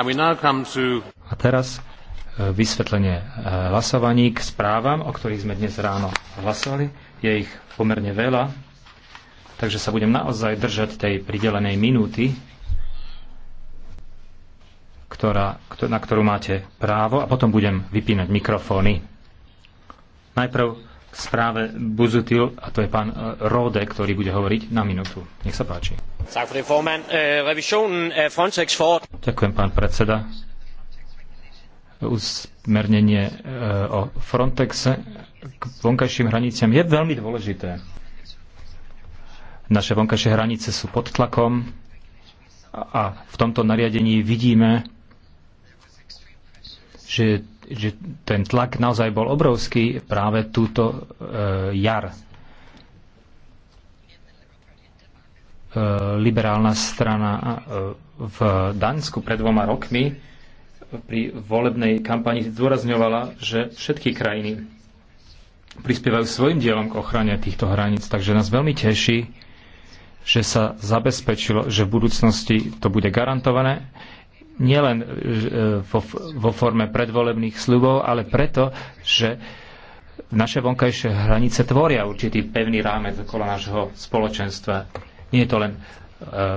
A teraz e, vysvetlenie e, hlasovaní k správam, o ktorých sme dnes ráno hlasovali. Je ich pomerne veľa, takže sa budem naozaj držať tej pridelenej minúty, ktorá, na ktorú máte právo a potom budem vypínať mikrofóny. Najprv k správe Buzutil, a to je pán e, Rode, ktorý bude hovoriť na minútu. Nech sa páči. E, Ďakujem, pán predseda. Usmernenie e, o Frontexe k vonkajším hraniciam je veľmi dôležité. Naše vonkajšie hranice sú pod tlakom a v tomto nariadení vidíme, že je že ten tlak naozaj bol obrovský práve túto e, jar. E, liberálna strana e, v Dánsku pred dvoma rokmi pri volebnej kampani zdôrazňovala, že všetky krajiny prispievajú svojim dielom k ochrane týchto hraníc, takže nás veľmi teší, že sa zabezpečilo, že v budúcnosti to bude garantované nielen e, vo, vo forme predvolebných sľubov, ale preto, že naše vonkajšie hranice tvoria určitý pevný rámec okolo nášho spoločenstva. Nie je to len e,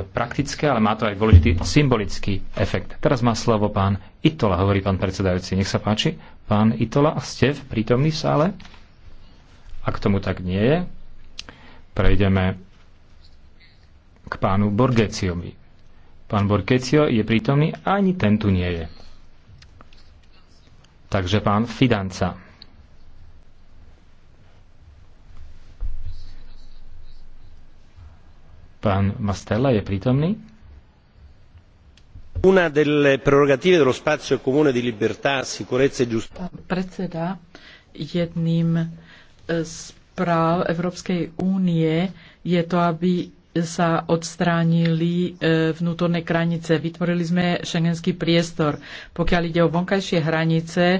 praktické, ale má to aj dôležitý symbolický efekt. Teraz má slovo pán Itola, hovorí pán predsedajúci. Nech sa páči. Pán Itola, ste v prítomný v sále? Ak tomu tak nie je, prejdeme k pánu Borgeciovi. Pán Borkecio je prítomný, ani ten tu nie je. Takže pán Fidanca. Pán Mastella je prítomný? Una delle prerogative dello spazio comune di libertà, sicurezza e giustizia. Predseda, jedným z práv Európskej únie je to, aby sa odstránili e, vnútorné hranice. Vytvorili sme šengenský priestor. Pokiaľ ide o vonkajšie hranice, e,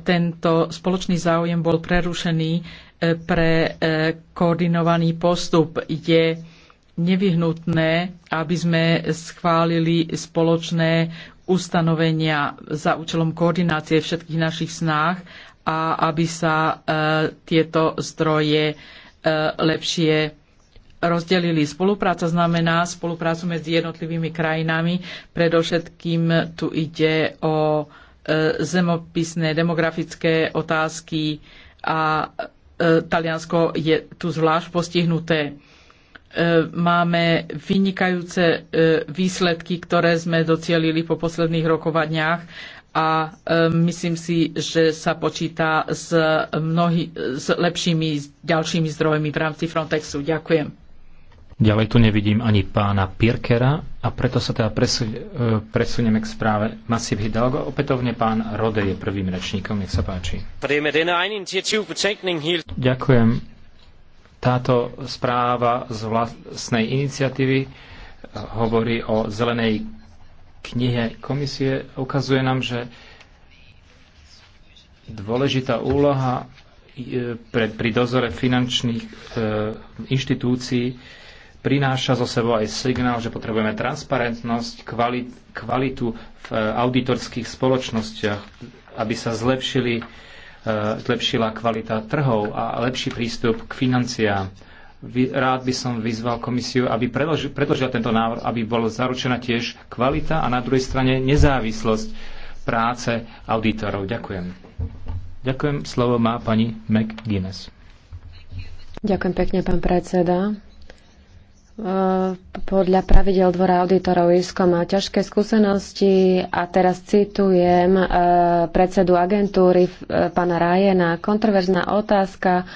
tento spoločný záujem bol prerušený e, pre koordinovaný postup. Je nevyhnutné, aby sme schválili spoločné ustanovenia za účelom koordinácie všetkých našich snách a aby sa tieto zdroje lepšie rozdelili. Spolupráca znamená spoluprácu medzi jednotlivými krajinami. Predovšetkým tu ide o e, zemopisné, demografické otázky a e, Taliansko je tu zvlášť postihnuté. E, máme vynikajúce výsledky, ktoré sme docielili po posledných rokovaniach a myslím si, že sa počíta s, mnohý, s lepšími ďalšími zdrojmi v rámci Frontexu. Ďakujem. Ďalej tu nevidím ani pána Pirkera a preto sa teda e, presunieme k správe Masiv Hidalgo. Opätovne pán Rode je prvým rečníkom, nech sa páči. Ďakujem. Táto správa z vlastnej iniciatívy e, hovorí o zelenej knihe komisie. Ukazuje nám, že dôležitá úloha e, pri dozore finančných inštitúcií prináša zo sebou aj signál, že potrebujeme transparentnosť, kvalit, kvalitu v e, auditorských spoločnostiach, aby sa zlepšili, e, zlepšila kvalita trhov a lepší prístup k financiám. Rád by som vyzval komisiu, aby predložila tento návrh, aby bola zaručená tiež kvalita a na druhej strane nezávislosť práce auditorov. Ďakujem. Ďakujem. Slovo má pani McGuinness. Ďakujem pekne, pán predseda. E, podľa pravidel dvora auditorov ISKO má ťažké skúsenosti a teraz citujem e, predsedu agentúry e, pána Rajena. Kontroverzná otázka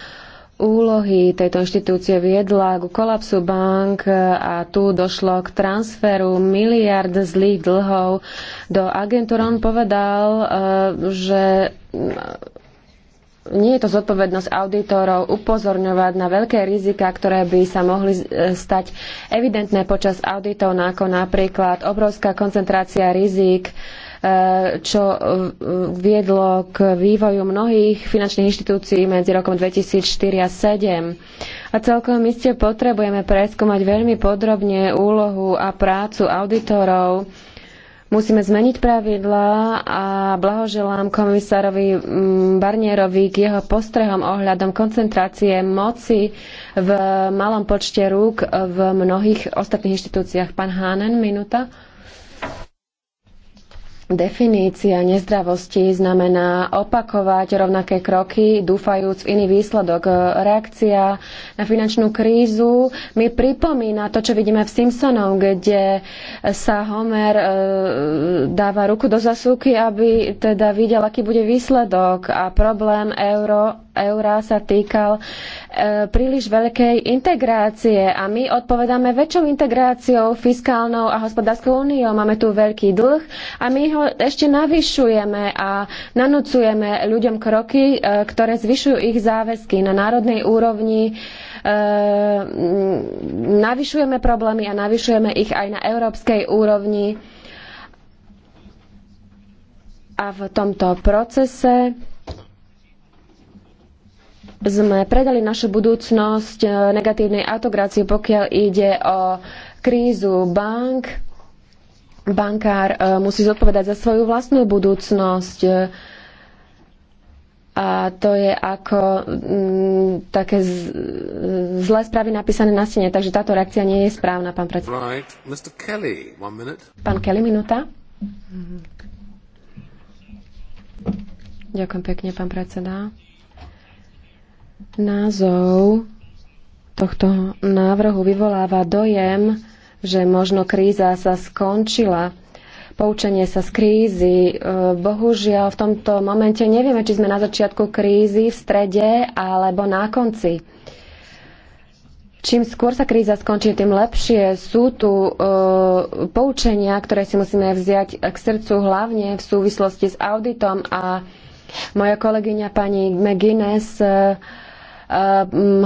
úlohy tejto inštitúcie viedla ku kolapsu bank a tu došlo k transferu miliard zlých dlhov do agentúr. On povedal, že nie je to zodpovednosť auditorov upozorňovať na veľké rizika, ktoré by sa mohli e, stať evidentné počas auditov, ako napríklad obrovská koncentrácia rizik, e, čo e, viedlo k vývoju mnohých finančných inštitúcií medzi rokom 2004 a 2007. A celkom iste potrebujeme preskúmať veľmi podrobne úlohu a prácu auditorov, Musíme zmeniť pravidla a blahoželám komisárovi mm, Barnierovi k jeho postrehom ohľadom koncentrácie moci v malom počte rúk v mnohých ostatných inštitúciách. Pán Hánen, minúta. Definícia nezdravosti znamená opakovať rovnaké kroky, dúfajúc v iný výsledok. Reakcia na finančnú krízu mi pripomína to, čo vidíme v Simpsonov, kde sa Homer e, dáva ruku do zasúky, aby teda videl, aký bude výsledok. A problém euro, eura sa týkal e, príliš veľkej integrácie. A my odpovedáme väčšou integráciou, fiskálnou a hospodárskou úniou. Máme tu veľký dlh a my ho ešte navyšujeme a nanúcujeme ľuďom kroky, e, ktoré zvyšujú ich záväzky na národnej úrovni. E, navyšujeme problémy a navyšujeme ich aj na európskej úrovni a v tomto procese sme predali našu budúcnosť e, negatívnej autokracii, pokiaľ ide o krízu bank. Bankár e, musí zodpovedať za svoju vlastnú budúcnosť. E, a to je ako m, mm, také z, zlé správy napísané na stene, takže táto reakcia nie je správna, pán predseda. Right. Pán Kelly, minúta. Mm-hmm. Ďakujem pekne, pán predseda. Názov tohto návrhu vyvoláva dojem, že možno kríza sa skončila. Poučenie sa z krízy. E, bohužiaľ, v tomto momente nevieme, či sme na začiatku krízy, v strede alebo na konci. Čím skôr sa kríza skončí, tým lepšie. Sú tu e, poučenia, ktoré si musíme vziať k srdcu, hlavne v súvislosti s auditom a e, moja kolegyňa pani McGuinness e, e,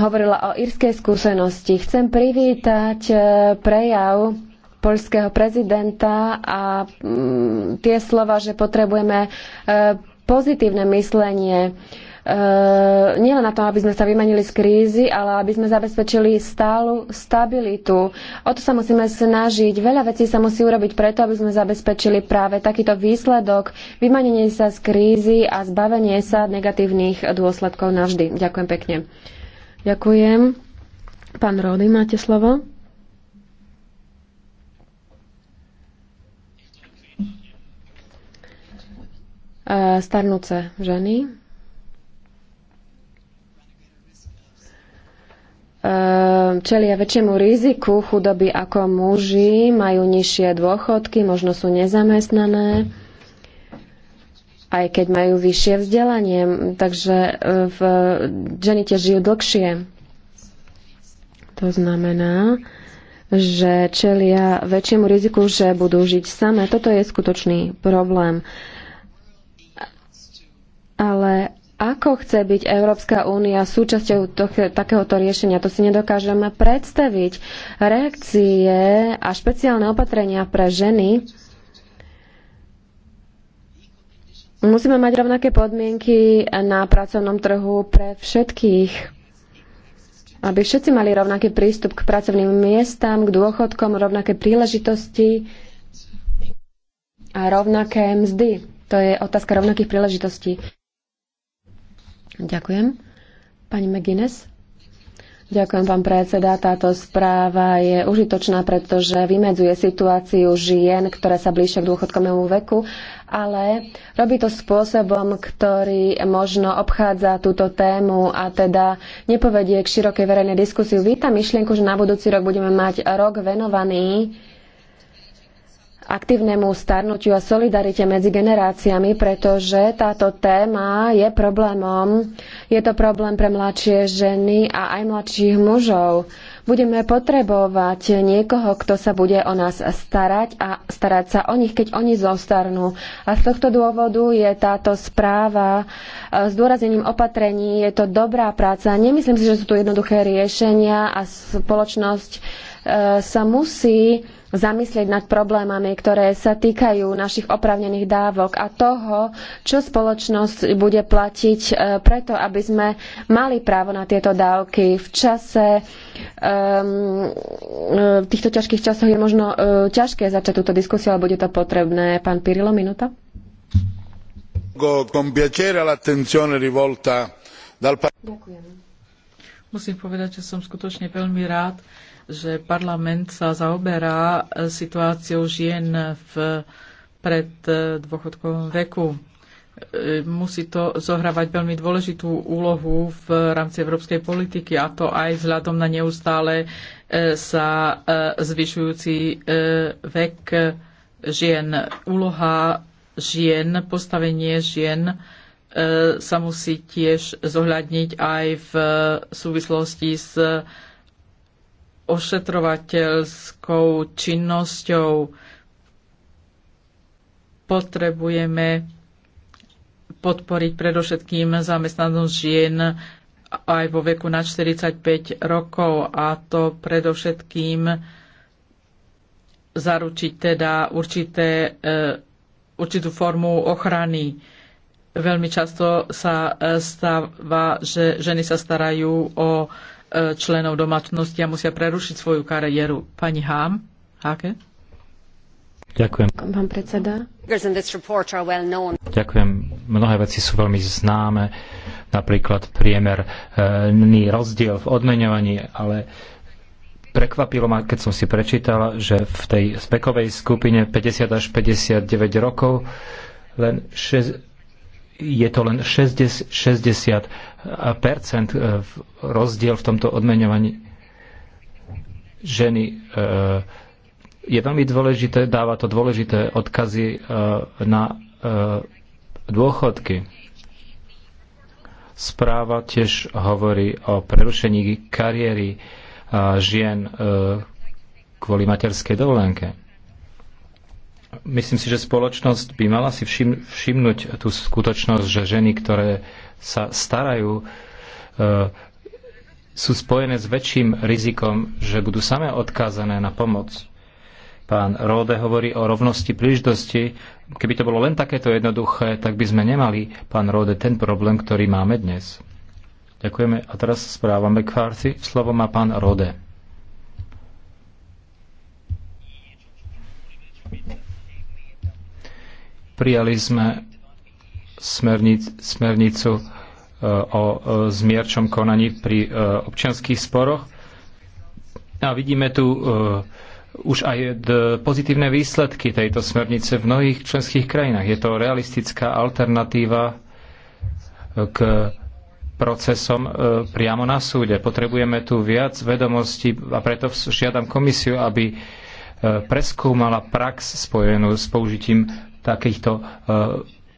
hovorila o írskej skúsenosti. Chcem privítať e, prejav poľského prezidenta a tie slova, že potrebujeme pozitívne myslenie. Ehm, nielen na to, aby sme sa vymanili z krízy, ale aby sme zabezpečili stálu stabilitu. O to sa musíme snažiť. Veľa vecí sa musí urobiť preto, aby sme zabezpečili práve takýto výsledok, vymanenie sa z krízy a zbavenie sa negatívnych dôsledkov navždy. Ďakujem pekne. Ďakujem. Pán Rody, máte slovo. Ehm, starnúce ženy. Ehm, čelia väčšiemu riziku chudoby ako muži, majú nižšie dôchodky, možno sú nezamestnané, aj keď majú vyššie vzdelanie, takže e, v, ženy tiež žijú dlhšie. To znamená, že čelia väčšiemu riziku, že budú žiť samé. Toto je skutočný problém. Ale ako chce byť Európska únia súčasťou takéhoto riešenia? To si nedokážeme predstaviť. Reakcie a špeciálne opatrenia pre ženy Musíme mať rovnaké podmienky na pracovnom trhu pre všetkých, aby všetci mali rovnaký prístup k pracovným miestam, k dôchodkom, rovnaké príležitosti a rovnaké mzdy. To je otázka rovnakých príležitostí. Ďakujem. Pani McGuinness? Ďakujem, pán predseda. Táto správa je užitočná, pretože vymedzuje situáciu žien, ktoré sa blížia k dôchodkovému veku, ale robí to spôsobom, ktorý možno obchádza túto tému a teda nepovedie k širokej verejnej diskusiu. Vítam myšlienku, že na budúci rok budeme mať rok venovaný aktívnemu starnutiu a solidarite medzi generáciami, pretože táto téma je problémom. Je to problém pre mladšie ženy a aj mladších mužov. Budeme potrebovať niekoho, kto sa bude o nás starať a starať sa o nich, keď oni zostarnú. A z tohto dôvodu je táto správa e, s dôrazením opatrení, je to dobrá práca. Nemyslím si, že sú tu jednoduché riešenia a spoločnosť E, sa musí zamyslieť nad problémami, ktoré sa týkajú našich opravnených dávok a toho, čo spoločnosť bude platiť e, preto, aby sme mali právo na tieto dávky. V čase ehm, e, v týchto ťažkých časoch je možno ťažké začať túto diskusiu, ale bude to potrebné. Pán Pirilo, minúta. Ďakujem. Musím povedať, že som skutočne veľmi rád, že parlament sa zaoberá eh, situáciou žien v pred eh, dôchodkovom veku. Eh, musí to zohrávať veľmi dôležitú úlohu v rámci európskej politiky a to aj vzhľadom na neustále sa zvyšujúci vek žien. Úloha žien, postavenie žien sa musí tiež zohľadniť aj v súvislosti s ošetrovateľskou činnosťou. Potrebujeme podporiť predovšetkým zamestnanosť žien aj vo veku na 45 rokov a to predovšetkým zaručiť teda určité, e, určitú formu ochrany. Veľmi často sa e, stáva, že ženy sa starajú o E, členov domácnosti a musia prerušiť svoju kariéru. Pani Hám, Háke? Ďakujem. Pán predseda. Ďakujem. Mnohé veci sú veľmi známe, napríklad priemerný e, rozdiel v odmeňovaní, ale prekvapilo ma, keď som si prečítala, že v tej spekovej skupine 50 až 59 rokov len 6, je to len 60, 60 eh, eh, rozdiel v tomto odmeňovaní ženy. Eh, je veľmi dôležité, dáva to dôležité odkazy na dôchodky. Správa tiež hovorí o prerušení kariéry žien kvôli materskej dovolenke. Myslím si, že spoločnosť by mala si všim, všimnúť tú skutočnosť, že ženy, ktoré sa starajú, e, sú spojené s väčším rizikom, že budú samé odkázané na pomoc. Pán Róde hovorí o rovnosti príležitosti. Keby to bolo len takéto jednoduché, tak by sme nemali, pán Róde, ten problém, ktorý máme dnes. Ďakujeme. A teraz k McCarthy. Slovo má pán Rode. Prijali sme smernic, smernicu e, o e, zmierčom konaní pri e, občianských sporoch. A vidíme tu už aj pozitívne výsledky tejto smernice v mnohých členských krajinách. Je to realistická alternatíva k procesom priamo na súde. Potrebujeme tu viac vedomostí a preto žiadam komisiu, aby preskúmala prax spojenú s použitím takýchto e,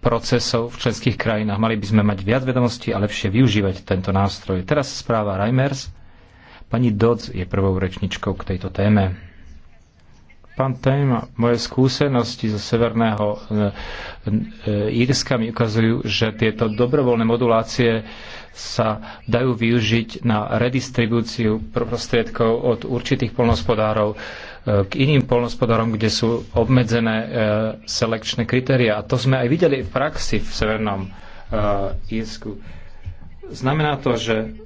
procesov v členských krajinách. Mali by sme mať viac vedomostí a lepšie využívať tento nástroj. Teraz správa Reimers. Pani Dodds je prvou rečničkou k tejto téme. Pán téma, moje skúsenosti zo Severného e, e, Írska mi ukazujú, že tieto dobrovoľné modulácie sa dajú využiť na redistribúciu prostriedkov od určitých polnospodárov k iným polnospodárom, kde sú obmedzené e, selekčné kritéria. A to sme aj videli v praxi v Severnom e, Írsku. Znamená to, že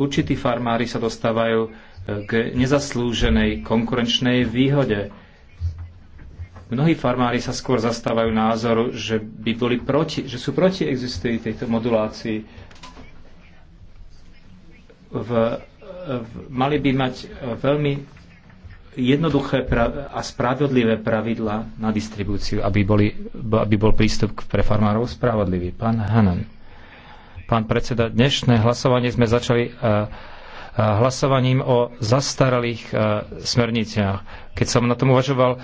určití farmári sa dostávajú e, k nezaslúženej konkurenčnej výhode. Mnohí farmári sa skôr zastávajú názoru, že, by boli proti, že sú proti existujú tejto modulácii. V, v, mali by mať veľmi jednoduché a spravodlivé pravidla na distribúciu, aby, boli, aby bol prístup pre farmárov spravodlivý. Pán Hanan. Pán predseda, dnešné hlasovanie sme začali e, e, hlasovaním o zastaralých e, smerniciach. Keď som na tom uvažoval,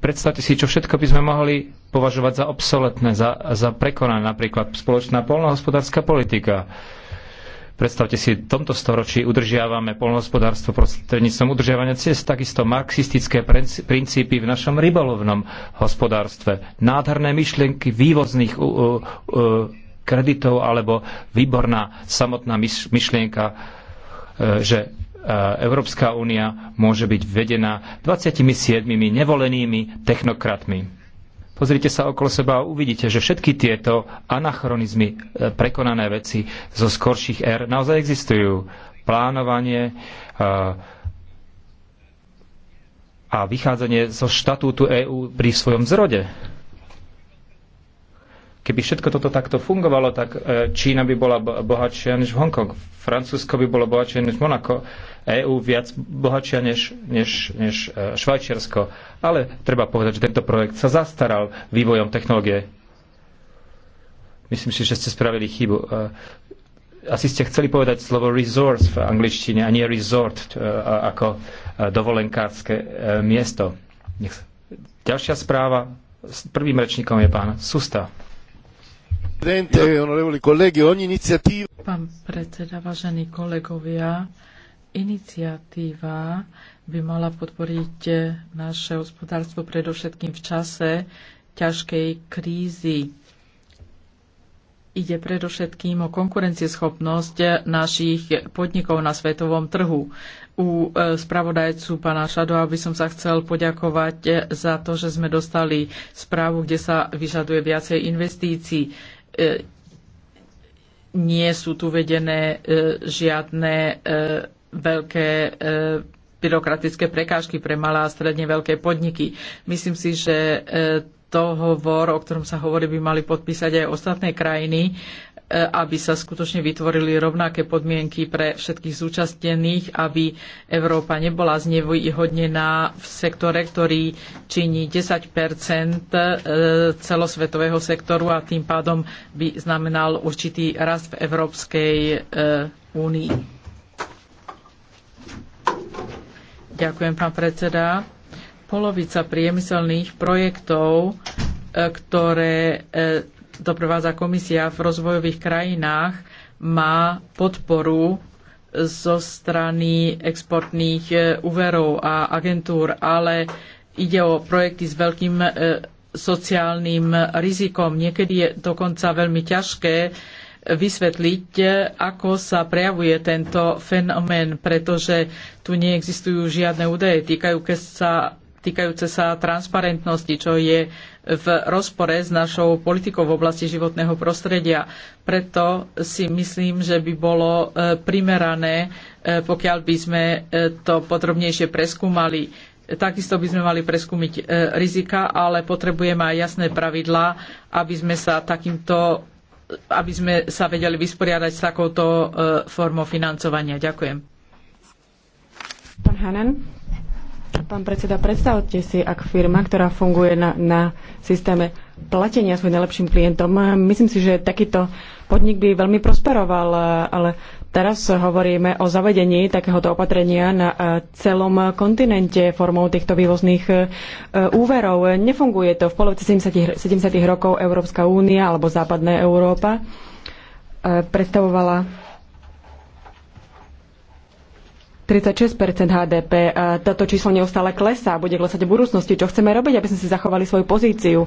predstavte si, čo všetko by sme mohli považovať za obsoletné, za, za prekonané, napríklad spoločná polnohospodárska politika Predstavte si, v tomto storočí udržiavame polnohospodárstvo prostredníctvom udržiavania ciest, takisto marxistické princípy v našom rybolovnom hospodárstve. Nádherné myšlienky vývozných kreditov alebo výborná samotná myšlienka, e, že e, Európska únia môže byť vedená 27 nevolenými technokratmi. Pozrite sa okolo seba a uvidíte, že všetky tieto anachronizmy, e, prekonané veci zo skorších ér naozaj existujú. Plánovanie e, a vychádzanie zo štatútu EÚ pri svojom zrode. Keby všetko toto takto fungovalo, tak e, Čína by bola bohatšia než Hongkong, Francúzsko by bolo bohatšie než Monako, EÚ viac bohatšia než, než, než e, Švajčiarsko. Ale treba povedať, že tento projekt sa zastaral vývojom technológie. Myslím si, že ste spravili chybu. E, asi ste chceli povedať slovo resource v angličtine a nie resort ako dovolenkárske miesto. Ďalšia správa. Prvým rečníkom je pán Susta. Pán predseda, vážení kolegovia, iniciatíva by mala podporiť naše hospodárstvo predovšetkým v čase ťažkej krízy. Ide predovšetkým o konkurencieschopnosť našich podnikov na svetovom trhu. U e, spravodajcu pána Šadova by som sa chcel poďakovať za to, že sme dostali správu, kde sa vyžaduje viacej investícií E, nie sú tu vedené e, žiadne e, veľké byrokratické prekážky pre malé a stredne veľké podniky. Myslím si, že hovor, o ktorom sa hovorí, by mali podpísať aj ostatné krajiny aby sa skutočne vytvorili rovnaké podmienky pre všetkých zúčastnených, aby Európa nebola znevýhodnená v sektore, ktorý činí 10 e, celosvetového sektoru a tým pádom by znamenal určitý rast v Európskej e, únii. Ďakujem, pán predseda. Polovica priemyselných projektov, e, ktoré doprovádza komisia v rozvojových krajinách, má podporu zo strany exportných e, úverov a agentúr, ale ide o projekty s veľkým e, sociálnym rizikom. Niekedy je dokonca veľmi ťažké vysvetliť, e, ako sa prejavuje tento fenomén, pretože tu neexistujú žiadne údaje. Týkajú sa týkajúce sa transparentnosti, čo je v rozpore s našou politikou v oblasti životného prostredia. Preto si myslím, že by bolo e, primerané, e, pokiaľ by sme e, to podrobnejšie preskúmali. Takisto by sme mali preskúmiť rizika, ale potrebujeme aj jasné pravidlá, aby sme sa takýmto aby sme sa vedeli vysporiadať s takouto formou financovania. Ďakujem. Pán Hanen. Pán predseda, predstavte si, ak firma, ktorá funguje na, na systéme platenia svojim najlepším klientom, eh, myslím si, že takýto podnik by veľmi prosperoval, eh, ale teraz hovoríme o zavedení takéhoto opatrenia na eh, celom kontinente formou týchto vývozných úverov. Nefunguje to. V polovici 70. 70 rokov Európska únia alebo Západná Európa predstavovala 36 HDP. E, toto číslo neustále klesá, bude klesať v budúcnosti. Čo chceme robiť, aby sme si zachovali svoju pozíciu?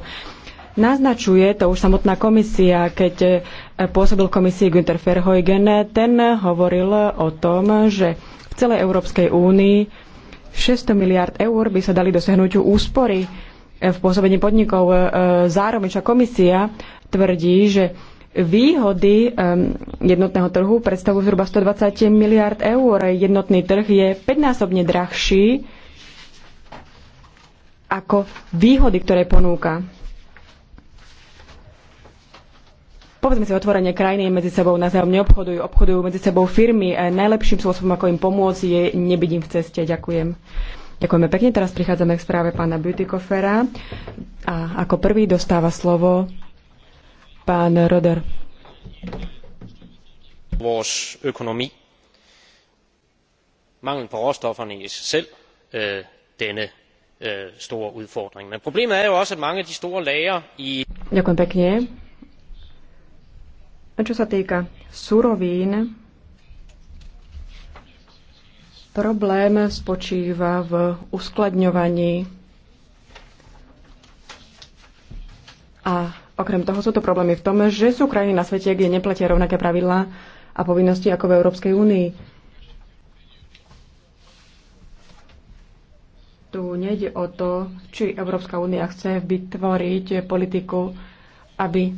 Naznačuje to už samotná komisia, keď e, pôsobil komisii Günther Verheugen, ten hovoril o tom, že v celej Európskej únii 600 miliard eur by sa dali dosiahnuť úspory v pôsobení podnikov. E, zároveň komisia tvrdí, že Výhody jednotného trhu predstavujú zhruba 120 miliard eur. Jednotný trh je 5-násobne drahší ako výhody, ktoré ponúka. povedzme si otvorenie krajiny medzi sebou navzájom neobchodujú, obchodujú medzi sebou firmy. E, najlepším spôsobom, ako im pomôcť, je nebyť im v ceste. Ďakujem. Ďakujeme pekne. Teraz prichádzame k správe pána Beautykofera. A ako prvý dostáva slovo Pán Roder. Vores økonomi. manglen på råstofferne i sig selv øh, denne øh, store udfordring. Men problemet er jo også, at mange af de store lagre i... Ďakujem pekne. A čo sa týka surovín, Problém spočíva v uskladňovaní a Okrem toho sú to problémy v tom, že sú krajiny na svete, kde neplatia rovnaké pravidlá a povinnosti ako v Európskej únii. Tu nejde o to, či Európska únia chce vytvoriť politiku, aby e,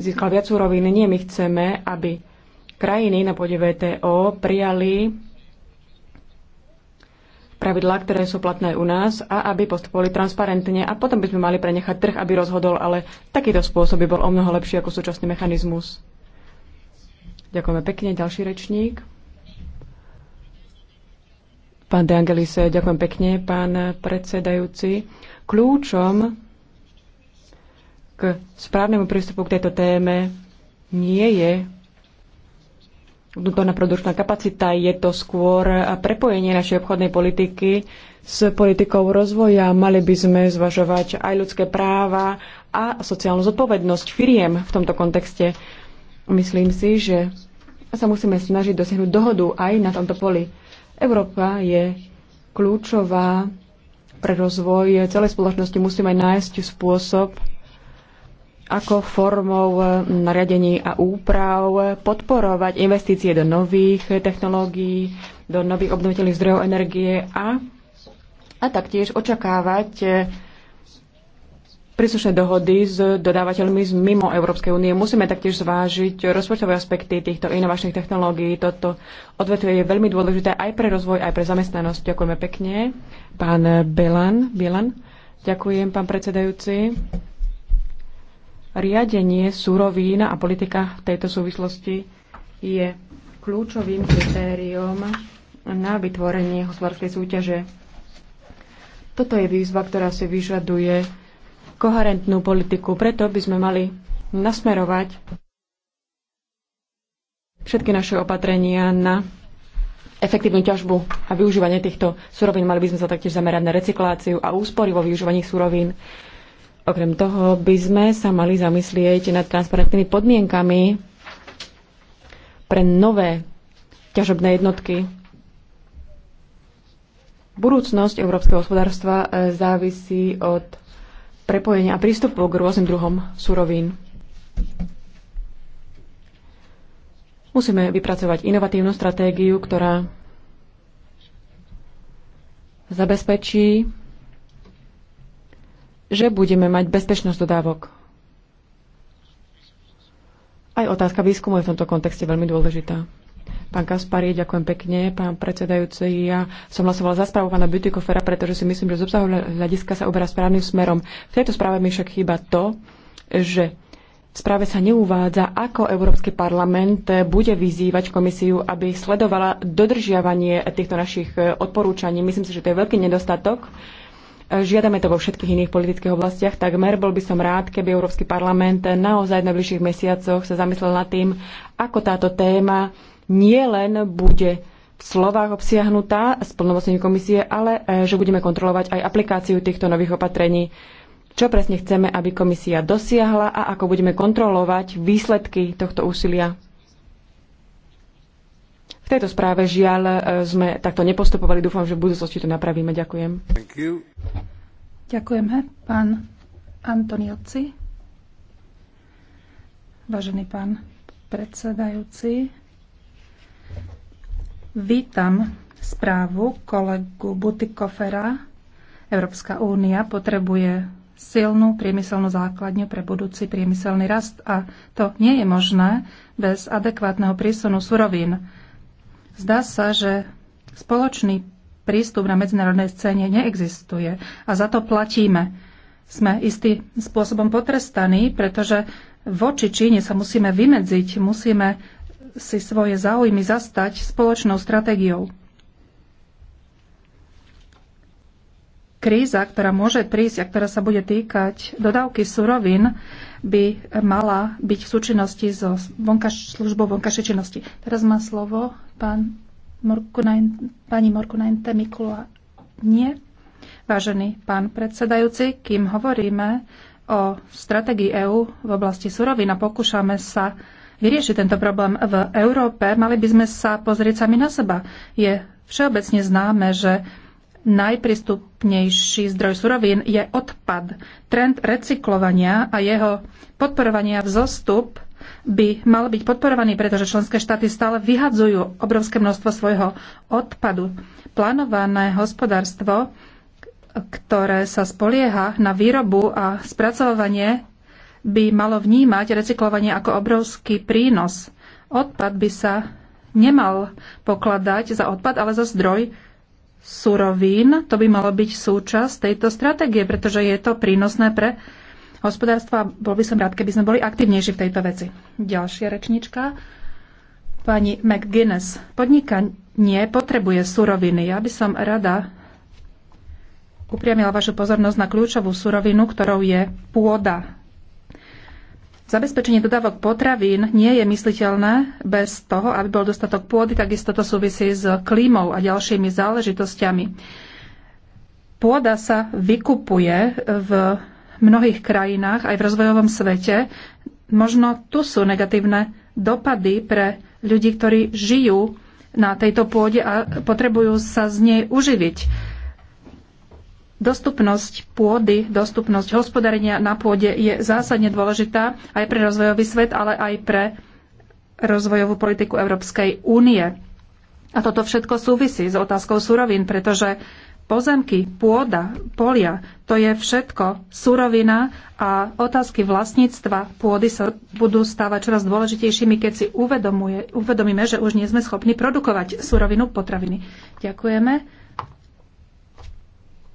získala viac súrovín. Nie, my chceme, aby krajiny na pôde VTO prijali pravidlá, ktoré sú platné u nás a aby postupovali transparentne a potom by sme mali prenechať trh, aby rozhodol, ale takýto spôsob by bol o mnoho lepší ako súčasný mechanizmus. Ďakujeme pekne. Ďalší rečník. Pán De Angelis, ďakujem pekne, pán predsedajúci. Kľúčom k správnemu prístupu k tejto téme nie je vnútorná produkčná kapacita, je to skôr prepojenie našej obchodnej politiky s politikou rozvoja. Mali by sme zvažovať aj ľudské práva a sociálnu zodpovednosť firiem v tomto kontexte. Myslím si, že sa musíme snažiť dosiahnuť dohodu aj na tomto poli. Európa je kľúčová pre rozvoj celej spoločnosti. Musíme nájsť spôsob, ako formou e, nariadení a úprav podporovať investície do nových technológií, do nových obnoviteľných zdrojov energie a, a taktiež očakávať e, príslušné dohody s dodávateľmi z mimo Európskej únie. Musíme taktiež zvážiť rozpočtové aspekty týchto inovačných technológií. Toto odvetvie je veľmi dôležité aj pre rozvoj, aj pre zamestnanosť. Ďakujeme pekne. Pán Belan, Bilan. Ďakujem, pán predsedajúci. Riadenie surovín a politika v tejto súvislosti je kľúčovým kritériom na vytvorenie hospodárskej súťaže. Toto je výzva, ktorá si vyžaduje koherentnú politiku. Preto by sme mali nasmerovať všetky naše opatrenia na efektívnu ťažbu a využívanie týchto surovín. Mali by sme sa taktiež zamerať na recykláciu a úspory vo využívaní surovín. Okrem toho by sme sa mali zamyslieť nad transparentnými podmienkami pre nové ťažobné jednotky. Budúcnosť európskeho hospodárstva e, závisí od prepojenia a prístupu k rôznym druhom surovín. Musíme vypracovať inovatívnu stratégiu, ktorá zabezpečí že budeme mať bezpečnosť dodávok. Aj otázka výskumu je v tomto kontexte veľmi dôležitá. Pán Kaspari, ďakujem pekne. Pán predsedajúci, ja som hlasovala za správu pána Bütikofera, pretože si myslím, že z obsahu hľadiska sa oberá správnym smerom. V tejto správe mi však chýba to, že v správe sa neuvádza, ako Európsky parlament bude vyzývať komisiu, aby sledovala dodržiavanie týchto našich odporúčaní. Myslím si, že to je veľký nedostatok Žiadame to vo všetkých iných politických oblastiach. Takmer bol by som rád, keby Európsky parlament naozaj v najbližších mesiacoch sa zamyslel nad tým, ako táto téma nie len bude v slovách obsiahnutá s plnomocnením komisie, ale e, že budeme kontrolovať aj aplikáciu týchto nových opatrení. Čo presne chceme, aby komisia dosiahla a ako budeme kontrolovať výsledky tohto úsilia. V tejto správe žiaľ e, sme takto nepostupovali. Dúfam, že v budúcnosti to napravíme. Ďakujem. Ďakujeme. Pán Antoniocci. Vážený pán predsedajúci, vítam správu kolegu Butikofera. Európska únia potrebuje silnú priemyselnú základňu pre budúci priemyselný rast a to nie je možné bez adekvátneho prísunu surovín. Zdá sa, že spoločný prístup na medzinárodnej scéne neexistuje a za to platíme. Sme istým spôsobom potrestaní, pretože voči Číne sa musíme vymedziť, musíme si svoje záujmy zastať spoločnou stratégiou. kríza, ktorá môže prísť a ktorá sa bude týkať dodávky surovín, by mala byť v súčinnosti so vonkaš, službou vonkašej činnosti. Teraz má slovo pán Morkunajn, pani Morkunajnte Mikula. Nie. Vážený pán predsedajúci, kým hovoríme o stratégii EÚ v oblasti surovín a pokúšame sa vyriešiť tento problém v Európe, mali by sme sa pozrieť sami na seba. Je všeobecne známe, že najprístupnejší zdroj surovín je odpad. Trend recyklovania a jeho podporovania vzostup by mal byť podporovaný, pretože členské štáty stále vyhadzujú obrovské množstvo svojho odpadu. Plánované hospodárstvo, ktoré sa spolieha na výrobu a spracovanie, by malo vnímať recyklovanie ako obrovský prínos. Odpad by sa nemal pokladať za odpad, ale za zdroj surovín. To by malo byť súčasť tejto stratégie, pretože je to prínosné pre hospodárstvo a bol by som rád, keby sme boli aktivnejší v tejto veci. Ďalšia rečnička, pani McGuinness. Podnikanie potrebuje suroviny. Ja by som rada upriamila vašu pozornosť na kľúčovú surovinu, ktorou je pôda. Zabezpečenie dodávok potravín nie je mysliteľné bez toho, aby bol dostatok pôdy, takisto to súvisí s klímou a ďalšími záležitosťami. Pôda sa vykupuje v mnohých krajinách, aj v rozvojovom svete. Možno tu sú negatívne dopady pre ľudí, ktorí žijú na tejto pôde a potrebujú sa z nej uživiť. Dostupnosť pôdy, dostupnosť hospodárenia na pôde je zásadne dôležitá aj pre rozvojový svet, ale aj pre rozvojovú politiku Európskej únie. A toto všetko súvisí s otázkou surovín, pretože pozemky, pôda, polia, to je všetko surovina a otázky vlastníctva pôdy sa budú stávať čoraz dôležitejšími, keď si uvedomuje, uvedomíme, že už nie sme schopní produkovať surovinu potraviny. Ďakujeme.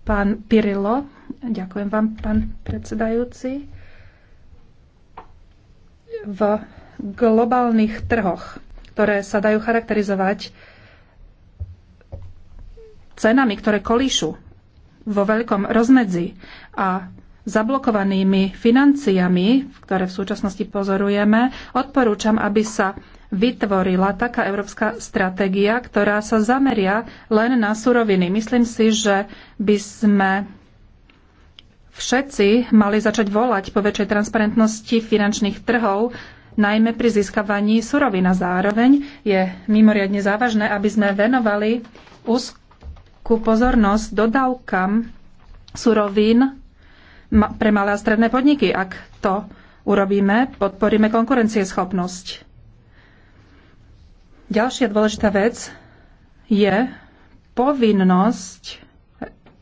Pán Pirilo, ďakujem vám, pán predsedajúci. V globálnych trhoch, ktoré sa dajú charakterizovať cenami, ktoré kolíšu vo veľkom rozmedzi a zablokovanými financiami, ktoré v súčasnosti pozorujeme, odporúčam, aby sa vytvorila taká európska stratégia, ktorá sa zameria len na suroviny. Myslím si, že by sme všetci mali začať volať po väčšej transparentnosti finančných trhov, najmä pri získavaní surovina. zároveň je mimoriadne závažné, aby sme venovali úzkú pozornosť dodávkam surovín pre malé a stredné podniky. Ak to urobíme, podporíme konkurencieschopnosť. Ďalšia dôležitá vec je povinnosť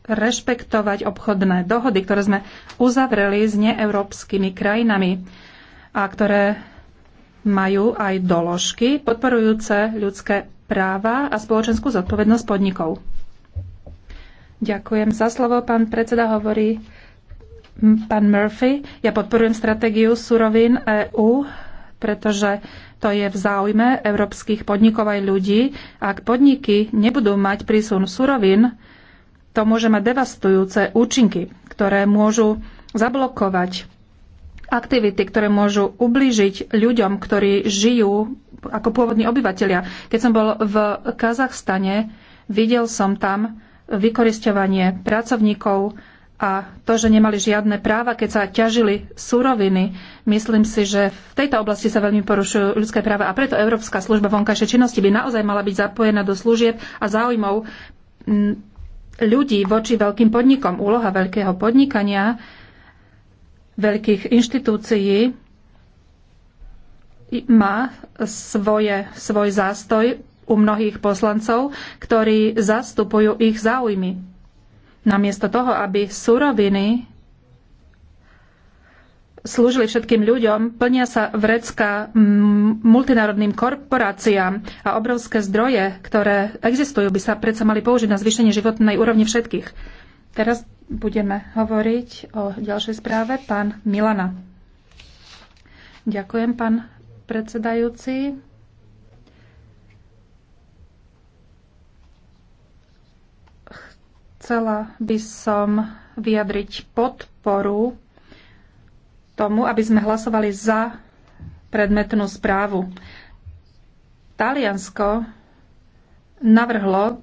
rešpektovať obchodné dohody, ktoré sme uzavreli s neeurópskymi krajinami a ktoré majú aj doložky podporujúce ľudské práva a spoločenskú zodpovednosť podnikov. Ďakujem za slovo, pán predseda hovorí pán Murphy. Ja podporujem stratégiu surovín EU, pretože to je v záujme európskych podnikov aj ľudí. Ak podniky nebudú mať prísun surovín, to môže mať devastujúce účinky, ktoré môžu zablokovať aktivity, ktoré môžu ublížiť ľuďom, ktorí žijú ako pôvodní obyvateľia. Keď som bol v Kazachstane, videl som tam vykoristovanie pracovníkov, a to, že nemali žiadne práva, keď sa ťažili suroviny. Myslím si, že v tejto oblasti sa veľmi porušujú ľudské práva a preto Európska služba vonkajšej činnosti by naozaj mala byť zapojená do služieb a záujmov mm, ľudí voči veľkým podnikom. Úloha veľkého podnikania, veľkých inštitúcií má svoje, svoj zástoj u mnohých poslancov, ktorí zastupujú ich záujmy Namiesto toho, aby suroviny slúžili všetkým ľuďom, plnia sa vrecka multinárodným korporáciám a obrovské zdroje, ktoré existujú, by sa predsa mali použiť na zvýšenie životnej úrovni všetkých. Teraz budeme hovoriť o ďalšej správe pán Milana. Ďakujem, pán predsedajúci. Chcela by som vyjadriť podporu tomu, aby sme hlasovali za predmetnú správu. Taliansko navrhlo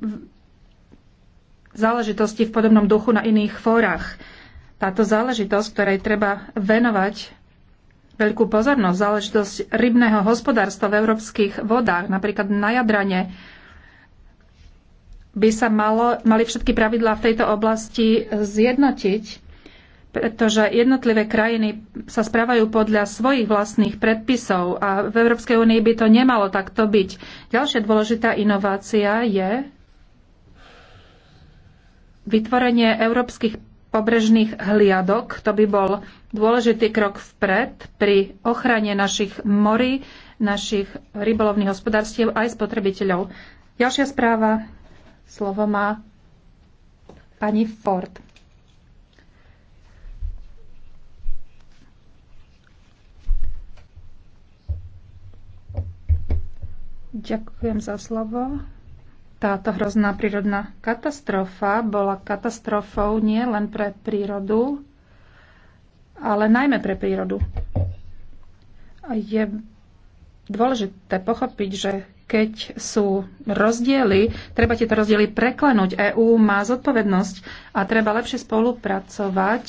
záležitosti v podobnom duchu na iných fórach. Táto záležitosť, ktorej treba venovať veľkú pozornosť, záležitosť rybného hospodárstva v európskych vodách, napríklad na Jadrane, by sa malo, mali všetky pravidlá v tejto oblasti zjednotiť, pretože jednotlivé krajiny sa správajú podľa svojich vlastných predpisov a v Európskej únii by to nemalo takto byť. Ďalšia dôležitá inovácia je vytvorenie európskych pobrežných hliadok. To by bol dôležitý krok vpred pri ochrane našich morí, našich rybolovných hospodárstiev aj spotrebiteľov. Ďalšia správa Slovo má pani Ford. Ďakujem za slovo. Táto hrozná prírodná katastrofa bola katastrofou nie len pre prírodu, ale najmä pre prírodu. Je dôležité pochopiť, že keď sú rozdiely, treba tieto rozdiely preklenúť. EÚ má zodpovednosť a treba lepšie spolupracovať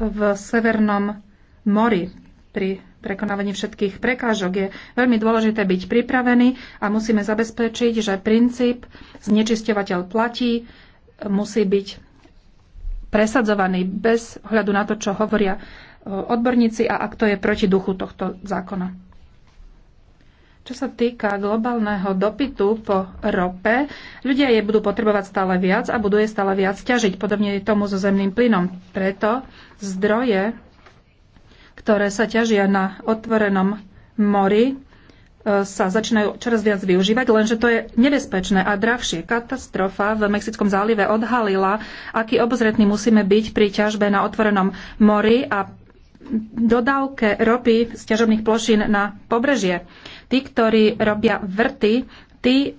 v Severnom mori pri prekonávaní všetkých prekážok. Je veľmi dôležité byť pripravený a musíme zabezpečiť, že princíp znečisťovateľ platí musí byť presadzovaný bez ohľadu na to, čo hovoria e, odborníci a ak to je proti duchu tohto zákona. Čo sa týka globálneho dopytu po rope, ľudia je budú potrebovať stále viac a budú je stále viac ťažiť. Podobne je tomu so zemným plynom. Preto zdroje, ktoré sa ťažia na otvorenom mori, e, sa začínajú čoraz viac využívať, lenže to je nebezpečné a drahšie. Katastrofa v Mexickom zálive odhalila, aký obozretný musíme byť pri ťažbe na otvorenom mori a dodávke ropy z ťažobných plošín na pobrežie. Tí, ktorí robia vrty, tí e,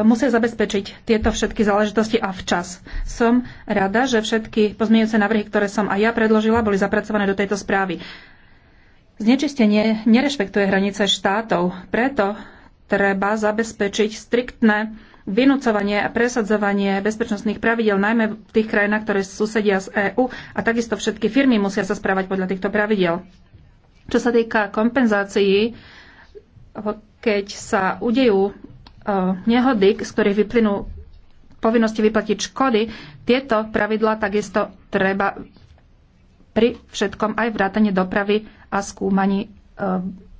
musia zabezpečiť tieto všetky záležitosti a včas. Som rada, že všetky pozmeňujúce návrhy, ktoré som aj ja predložila, boli zapracované do tejto správy. Znečistenie nerešpektuje hranice štátov, preto treba zabezpečiť striktné vynúcovanie a presadzovanie bezpečnostných pravidel, najmä v tých krajinách, ktoré susedia z EÚ a takisto všetky firmy musia sa správať podľa týchto pravidel. Čo sa týka kompenzácií, keď sa udejú e, nehody, z ktorých vyplynú povinnosti vyplatiť škody, tieto pravidlá takisto treba pri všetkom aj vrátane dopravy a skúmaní e,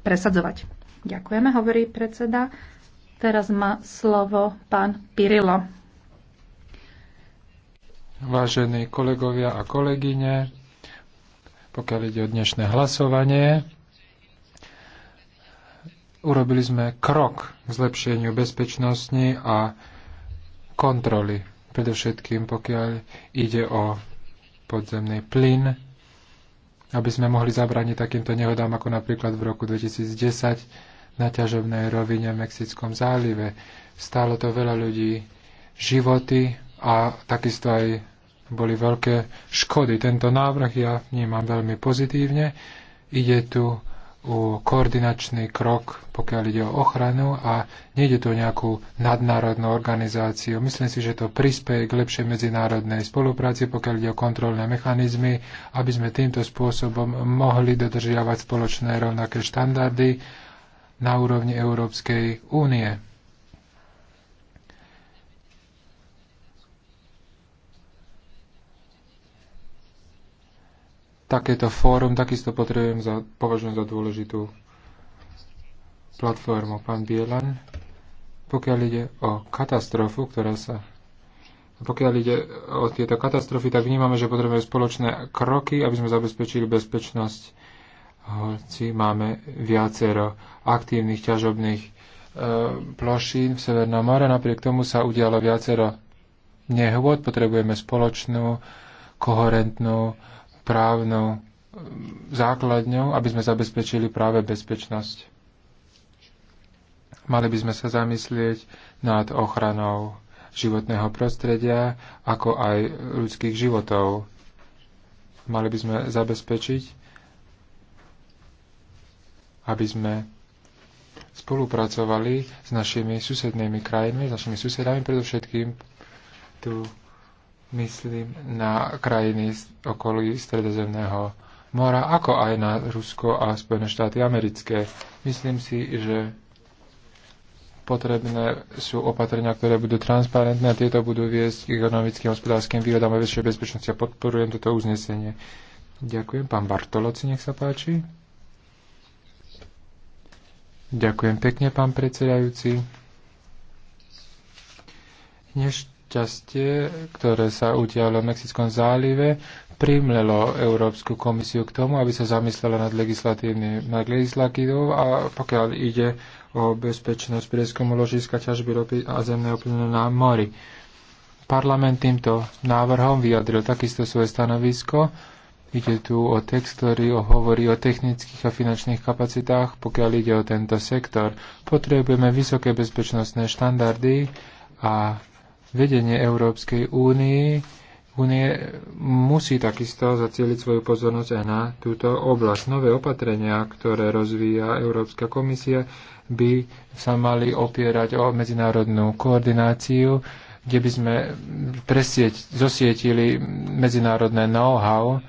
presadzovať. Ďakujeme, hovorí predseda. Teraz má slovo pán Pirilo. Vážení kolegovia a kolegyne, pokiaľ ide o dnešné hlasovanie, urobili sme krok k zlepšeniu bezpečnosti a kontroly. Predovšetkým, pokiaľ ide o podzemný plyn, aby sme mohli zabrániť takýmto nehodám, ako napríklad v roku 2010 na ťažovnej rovine v Mexickom zálive. Stálo to veľa ľudí životy a takisto aj boli veľké škody. Tento návrh ja vnímam veľmi pozitívne. Ide tu o koordinačný krok pokiaľ ide o ochranu a nejde to o nejakú nadnárodnú organizáciu. Myslím si, že to prispieje k lepšej medzinárodnej spolupráci, pokiaľ ide o kontrolné mechanizmy, aby sme týmto spôsobom mohli dodržiavať spoločné rovnaké štandardy na úrovni Európskej únie. takéto fórum takisto potrebujem za, považujem za dôležitú platformu. Pán Bielan, pokiaľ ide o katastrofu, ktorá sa pokiaľ ide o tieto katastrofy, tak vnímame, že potrebujeme spoločné kroky, aby sme zabezpečili bezpečnosť. Hoci máme viacero aktívnych ťažobných e, plošín v Severnom more, napriek tomu sa udialo viacero nehôd, potrebujeme spoločnú, koherentnú, právnu e, základňu, aby sme zabezpečili práve bezpečnosť. Mali by sme sa zamyslieť nad ochranou životného prostredia, ako aj ľudských životov. Mali by sme zabezpečiť, aby sme spolupracovali s našimi susednými krajinami, s našimi susedami, predovšetkým tu myslím na krajiny okolí Stredozemného mora, ako aj na Rusko a Spojené štáty americké. Myslím si, že Potrebné sú opatrenia, ktoré budú transparentné a tieto budú viesť k ekonomickým a hospodárskym výhodám a väčšej bezpečnosti. a podporujem toto uznesenie. Ďakujem. Pán Bartoloci, nech sa páči. Ďakujem pekne, pán predsedajúci. Nešťastie, ktoré sa udialo v Mexickom zálive, primlelo Európsku komisiu k tomu, aby sa zamyslela nad, nad legislatívou a pokiaľ ide o bezpečnosť prieskumu ložiska ťažby ropy a zemného plynu na mori. Parlament týmto návrhom vyjadril takisto svoje stanovisko. Ide tu o text, ktorý hovorí o technických a finančných kapacitách, pokiaľ ide o tento sektor. Potrebujeme vysoké bezpečnostné štandardy a vedenie Európskej únii Únie musí takisto zacieliť svoju pozornosť aj na túto oblasť. Nové opatrenia, ktoré rozvíja Európska komisia, by sa mali opierať o medzinárodnú koordináciu, kde by sme presieť, zosietili medzinárodné know-how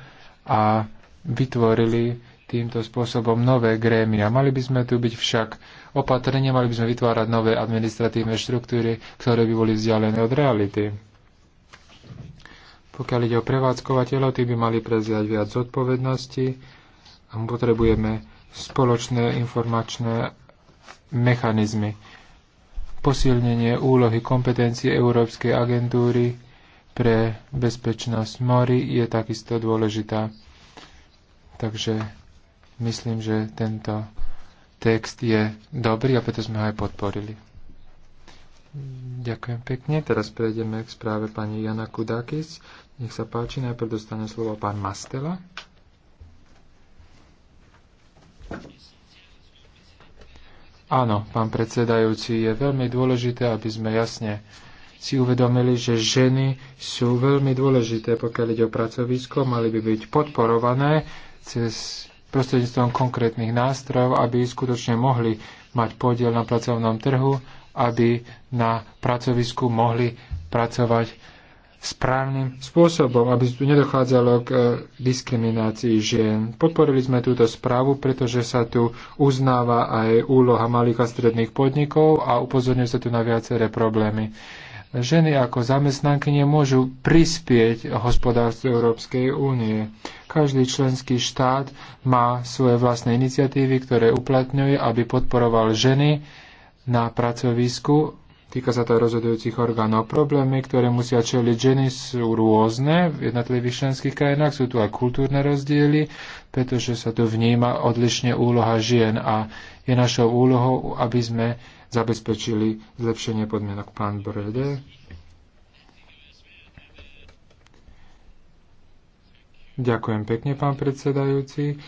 a vytvorili týmto spôsobom nové grémia. Mali by sme tu byť však opatrenia, mali by sme vytvárať nové administratívne štruktúry, ktoré by boli vzdialené od reality pokiaľ ide o prevádzkovateľov, tí by mali prevziať viac zodpovednosti a potrebujeme spoločné informačné mechanizmy. Posilnenie úlohy kompetencie Európskej agentúry pre bezpečnosť mori je takisto dôležitá. Takže myslím, že tento text je dobrý a preto sme ho aj podporili. Ďakujem pekne. Teraz prejdeme k správe pani Jana Kudakis. Nech sa páči, najprv dostane slovo pán Mastela. Áno, pán predsedajúci, je veľmi dôležité, aby sme jasne si uvedomili, že ženy sú veľmi dôležité, pokiaľ ide o pracovisko, mali by byť podporované cez prostredníctvom konkrétnych nástrojov, aby skutočne mohli mať podiel na pracovnom trhu aby na pracovisku mohli pracovať správnym spôsobom, aby tu nedochádzalo k eh, diskriminácii žien. Podporili sme túto správu, pretože sa tu uznáva aj úloha malých a stredných podnikov a upozorňuje sa tu na viaceré problémy. Ženy ako zamestnanky nemôžu prispieť hospodárstvu Európskej únie. Každý členský štát má svoje vlastné iniciatívy, ktoré uplatňuje, aby podporoval ženy, na pracovisku. Týka sa to rozhodujúcich orgánov. Problémy, ktoré musia čeliť ženy, sú rôzne v jednotlivých členských krajinách. Sú tu aj kultúrne rozdiely, pretože sa tu vníma odlišne úloha žien a je našou úlohou, aby sme zabezpečili zlepšenie podmienok. Pán Brede. Ďakujem pekne, pán predsedajúci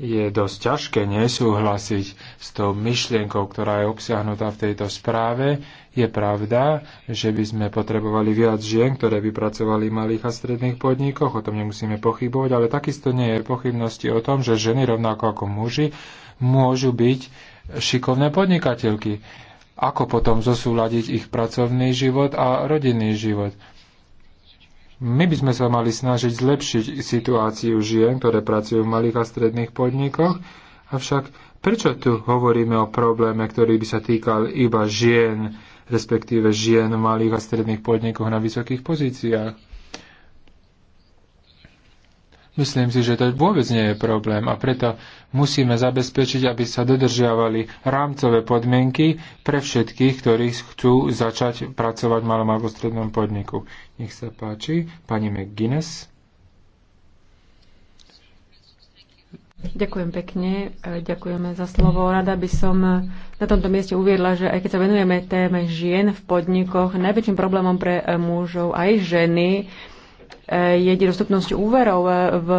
je dosť ťažké nesúhlasiť s tou myšlienkou, ktorá je obsiahnutá v tejto správe. Je pravda, že by sme potrebovali viac žien, ktoré by pracovali v malých a stredných podnikoch, o tom nemusíme pochybovať, ale takisto nie je pochybnosti o tom, že ženy rovnako ako muži môžu byť šikovné podnikateľky. Ako potom zosúľadiť ich pracovný život a rodinný život? My by sme sa mali snažiť zlepšiť situáciu žien, ktoré pracujú v malých a stredných podnikoch, avšak prečo tu hovoríme o probléme, ktorý by sa týkal iba žien, respektíve žien v malých a stredných podnikoch na vysokých pozíciách? Myslím si, že to vôbec nie je problém a preto musíme zabezpečiť, aby sa dodržiavali rámcové podmienky pre všetkých, ktorí chcú začať pracovať v malom alebo strednom podniku. Nech sa páči, pani McGuinness. Ďakujem pekne, ďakujeme za slovo. Rada by som na tomto mieste uviedla, že aj keď sa venujeme téme žien v podnikoch, najväčším problémom pre mužov aj ženy je dostupnosť úverov. E, v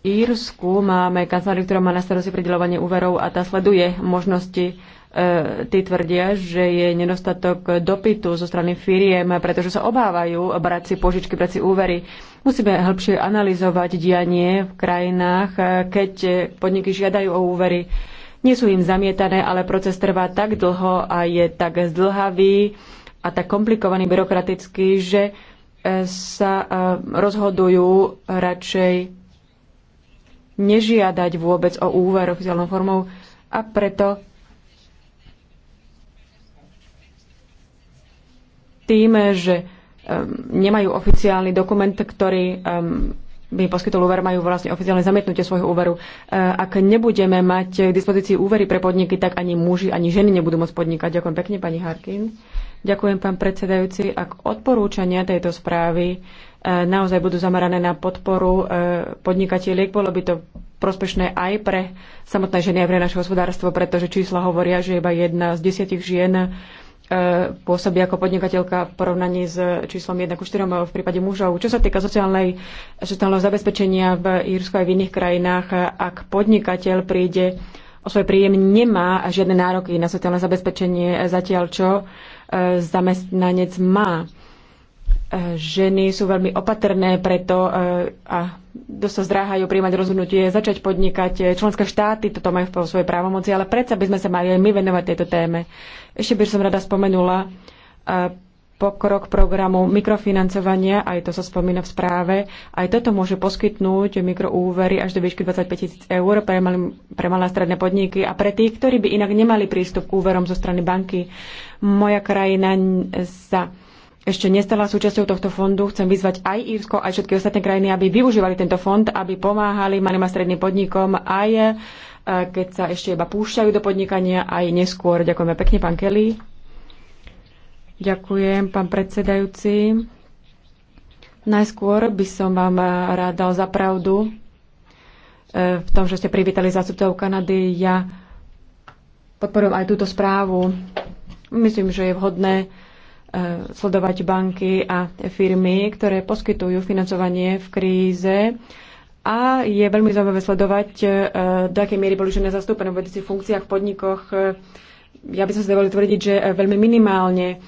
Írsku máme kanceláriu, ktorá má na starosti pridelovanie úverov a tá sleduje možnosti e, tí tvrdia, že je nedostatok dopytu zo strany firiem, pretože sa obávajú brať si požičky, brať si úvery. Musíme hĺbšie analyzovať dianie v krajinách, e, keď podniky žiadajú o úvery. Nie sú im zamietané, ale proces trvá tak dlho a je tak zdlhavý a tak komplikovaný byrokraticky, že sa e, rozhodujú radšej nežiadať vôbec o úver oficiálnou formou a preto tým, že e, nemajú oficiálny dokument, ktorý e, by poskytol úver, majú vlastne oficiálne zamietnutie svojho úveru. Ak nebudeme mať k dispozícii úvery pre podniky, tak ani muži, ani ženy nebudú môcť podnikať. Ďakujem pekne, pani Harkin. Ďakujem, pán predsedajúci. Ak odporúčania tejto správy e, naozaj budú zamerané na podporu e, podnikateľiek. Bolo by to prospešné aj pre samotné ženy, a pre naše hospodárstvo, pretože čísla hovoria, že iba jedna z desiatich žien e, pôsobí ako podnikateľka v porovnaní s číslom 1 k 4 v prípade mužov. Čo sa týka sociálnej, sociálneho zabezpečenia v Írsku aj v iných krajinách, ak podnikateľ príde o svoj príjem, nemá žiadne nároky na sociálne zabezpečenie, zatiaľ čo zamestnanec má. E, ženy sú veľmi opatrné preto e, a dosť sa zdráhajú príjmať rozhodnutie, začať podnikať. E, členské štáty toto majú v svojej právomoci, ale predsa by sme sa mali aj my venovať tejto téme. Ešte by som rada spomenula pokrok programu mikrofinancovania, aj to sa spomína v správe, aj toto môže poskytnúť mikroúvery až do výšky 25 tisíc eur pre, mal, pre malé stredné podniky a pre tých, ktorí by inak nemali prístup k úverom zo strany banky. Moja krajina sa ešte nestala súčasťou tohto fondu. Chcem vyzvať aj Írsko, aj všetky ostatné krajiny, aby využívali tento fond, aby pomáhali malým a stredným podnikom aj eh, keď sa ešte iba púšťajú do podnikania aj neskôr. Ďakujeme pekne, pán Kelly. Ďakujem, pán predsedajúci. Najskôr by som vám eh, rád dal za pravdu eh, v tom, že ste privítali zástupcov Kanady. Ja podporujem aj túto správu. Myslím, že je vhodné eh, sledovať banky a firmy, ktoré poskytujú financovanie v kríze. A je veľmi zaujímavé sledovať, do akej miery boli ženy zastúpené v vedúcich funkciách v podnikoch. Ja by som si dovolil tvrdiť, že veľmi minimálne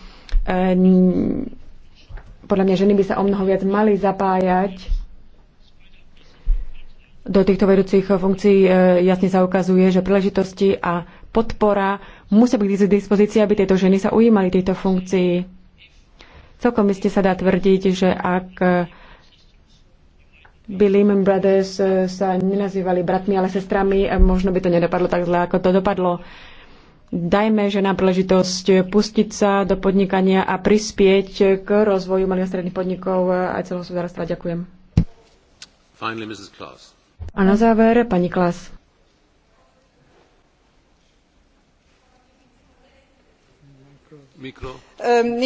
podľa mňa ženy by sa o mnoho viac mali zapájať do týchto vedúcich funkcií. E, jasne sa ukazuje, že príležitosti a podpora musia byť k dispozícii, aby tieto ženy sa ujímali tejto funkcii. Celkom iste sa dá tvrdiť, že ak e, by Lehman Brothers e, sa nenazývali bratmi, ale sestrami, možno by to nedopadlo tak zle, ako to dopadlo. Dajme ženám príležitosť pustiť sa do podnikania a prispieť k rozvoju malých a stredných podnikov aj celého hospodárstva. Ďakujem. Finally, Mrs. A na záver, pani Klas. Ehm,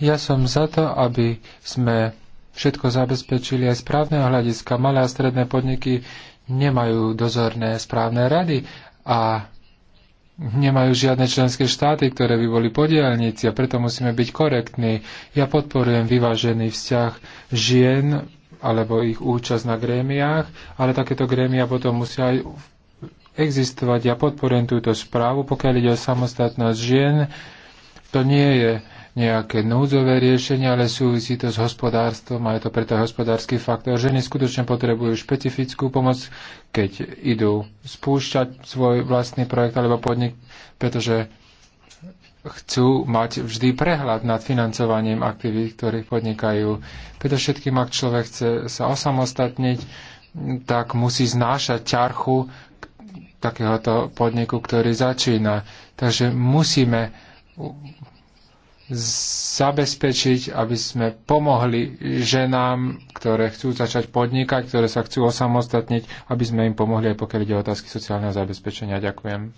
ja som za to, aby sme všetko zabezpečili aj správne hľadiska. Malé a stredné podniky nemajú dozorné správne rady a nemajú žiadne členské štáty, ktoré by boli podielníci a preto musíme byť korektní. Ja podporujem vyvážený vzťah žien alebo ich účasť na grémiách, ale takéto grémia potom musia aj existovať. Ja podporujem túto správu, pokiaľ ide o samostatnosť žien. To nie je nejaké núdzové riešenie, ale súvisí to s hospodárstvom a je to preto hospodársky faktor. Ženy skutočne potrebujú špecifickú pomoc, keď idú spúšťať svoj vlastný projekt alebo podnik, pretože chcú mať vždy prehľad nad financovaním aktivít, ktorých podnikajú. Preto všetkým, ak človek chce sa osamostatniť, tak musí znášať ťarchu takéhoto podniku, ktorý začína. Takže musíme zabezpečiť, aby sme pomohli ženám, ktoré chcú začať podnikať, ktoré sa chcú osamostatniť, aby sme im pomohli aj pokiaľ ide o otázky sociálneho zabezpečenia. Ďakujem.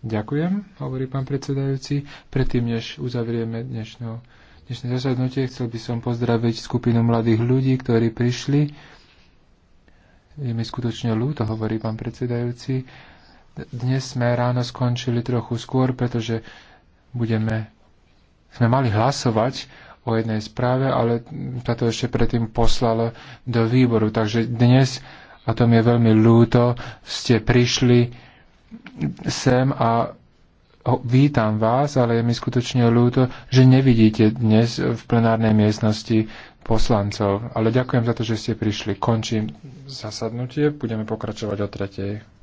Ďakujem, hovorí pán predsedajúci. Predtým, než uzavrieme dnešného, dnešné zasadnutie, chcel by som pozdraviť skupinu mladých ľudí, ktorí prišli. Je mi skutočne ľúto, hovorí pán predsedajúci. Dnes sme ráno skončili trochu skôr, pretože budeme sme mali hlasovať o jednej správe, ale táto ešte predtým poslala do výboru. Takže dnes, a to mi je veľmi ľúto, ste prišli sem a vítam vás, ale je mi skutočne ľúto, že nevidíte dnes v plenárnej miestnosti poslancov. Ale ďakujem za to, že ste prišli. Končím zasadnutie, budeme pokračovať o tretej.